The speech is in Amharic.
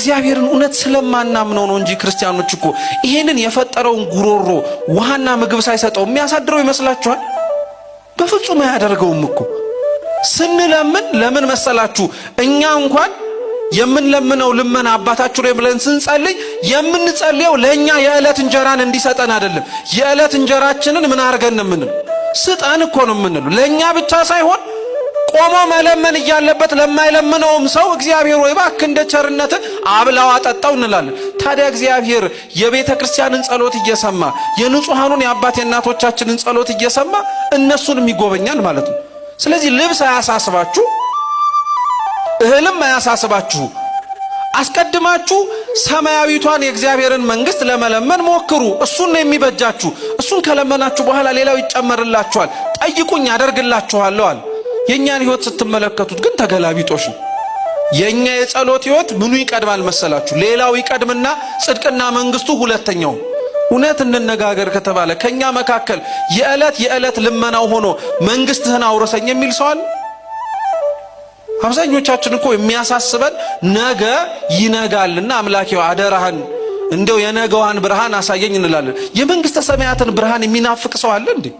እግዚአብሔርን እውነት ስለማናምነው ነው እንጂ ክርስቲያኖች እኮ ይሄንን የፈጠረውን ጉሮሮ ውሃና ምግብ ሳይሰጠው የሚያሳድረው ይመስላችኋል? በፍጹም አያደርገውም እኮ። ስንለምን ለምን መሰላችሁ? እኛ እንኳን የምንለምነው ልመና አባታችሁ ላይ ብለን ስንጸልይ የምንጸልየው ለእኛ የዕለት እንጀራን እንዲሰጠን አይደለም። የዕለት እንጀራችንን ምን አድርገን ምንል ስጠን እኮ ነው የምንለው ለእኛ ብቻ ሳይሆን ቆሞ መለመን እያለበት ለማይለምነውም ሰው እግዚአብሔር ወይ እባክህ እንደ ቸርነት አብላው አጠጣው እንላለን። ታዲያ እግዚአብሔር የቤተ ክርስቲያንን ጸሎት እየሰማ የንጹሐኑን የአባት የእናቶቻችንን ጸሎት እየሰማ እነሱንም ይጎበኛል ማለት ነው። ስለዚህ ልብስ አያሳስባችሁ፣ እህልም አያሳስባችሁ። አስቀድማችሁ ሰማያዊቷን የእግዚአብሔርን መንግስት ለመለመን ሞክሩ። እሱን ነው የሚበጃችሁ። እሱን ከለመናችሁ በኋላ ሌላው ይጨመርላችኋል። ጠይቁኝ አደርግላችኋለሁ አለ። የእኛን ህይወት ስትመለከቱት ግን ተገላቢጦሽ ነው። የእኛ የጸሎት ህይወት ምኑ ይቀድማል መሰላችሁ? ሌላው ይቀድምና ጽድቅና መንግስቱ ሁለተኛው። እውነት እንነጋገር ከተባለ ከእኛ መካከል የዕለት የዕለት ልመናው ሆኖ መንግስትህን አውረሰኝ የሚል ሰው አብዛኞቻችን እኮ የሚያሳስበን ነገ ይነጋልና አምላኬው አደራህን እንደው የነገዋን ብርሃን አሳየኝ እንላለን። የመንግሥተ ሰማያትን ብርሃን የሚናፍቅ ሰው አለ እንዴ?